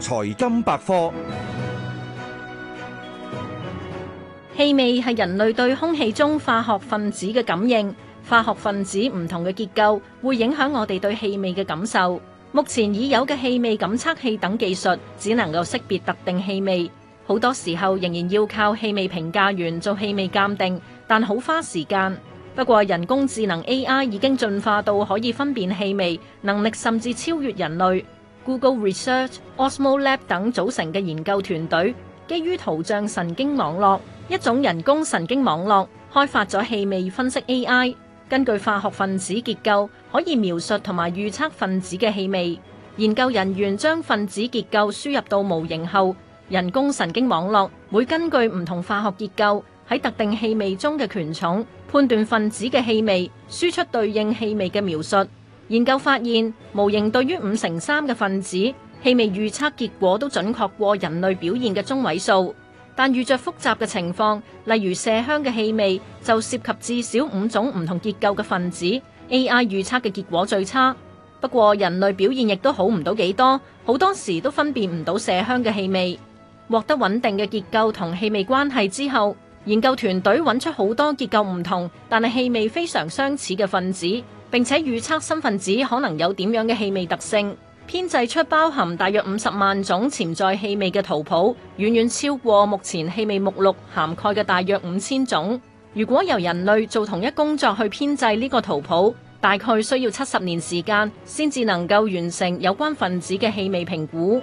財金百科，氣味係人類對空氣中化學分子嘅感應。化學分子唔同嘅結構會影響我哋對氣味嘅感受。目前已有嘅氣味感測器等技術只能夠識別特定氣味，好多時候仍然要靠氣味評價員做氣味鑒定，但好花時間。不過人工智能 AI 已經進化到可以分辨氣味，能力甚至超越人類。Google Research、Osmo Lab 等組成嘅研究團隊，基於圖像神經網絡，一種人工神經網絡，開發咗氣味分析 AI。根據化學分子結構，可以描述同埋預測分子嘅氣味。研究人員將分子結構輸入到模型後，人工神經網絡會根據唔同化學結構喺特定氣味中嘅權重，判斷分子嘅氣味，輸出對應氣味嘅描述。研究發現，模型對於五成三嘅分子氣味預測結果都準確過人類表現嘅中位數，但遇着複雜嘅情況，例如麝香嘅氣味，就涉及至少五種唔同結構嘅分子，AI 預測嘅結果最差。不過人類表現亦都好唔到幾多，好多時都分辨唔到麝香嘅氣味。獲得穩定嘅結構同氣味關係之後，研究團隊揾出好多結構唔同但係氣味非常相似嘅分子。並且預測新分子可能有點樣嘅氣味特性，編製出包含大約五十萬種潛在氣味嘅圖譜，遠遠超過目前氣味目錄涵蓋嘅大約五千種。如果由人類做同一工作去編製呢個圖譜，大概需要七十年時間先至能夠完成有關分子嘅氣味評估。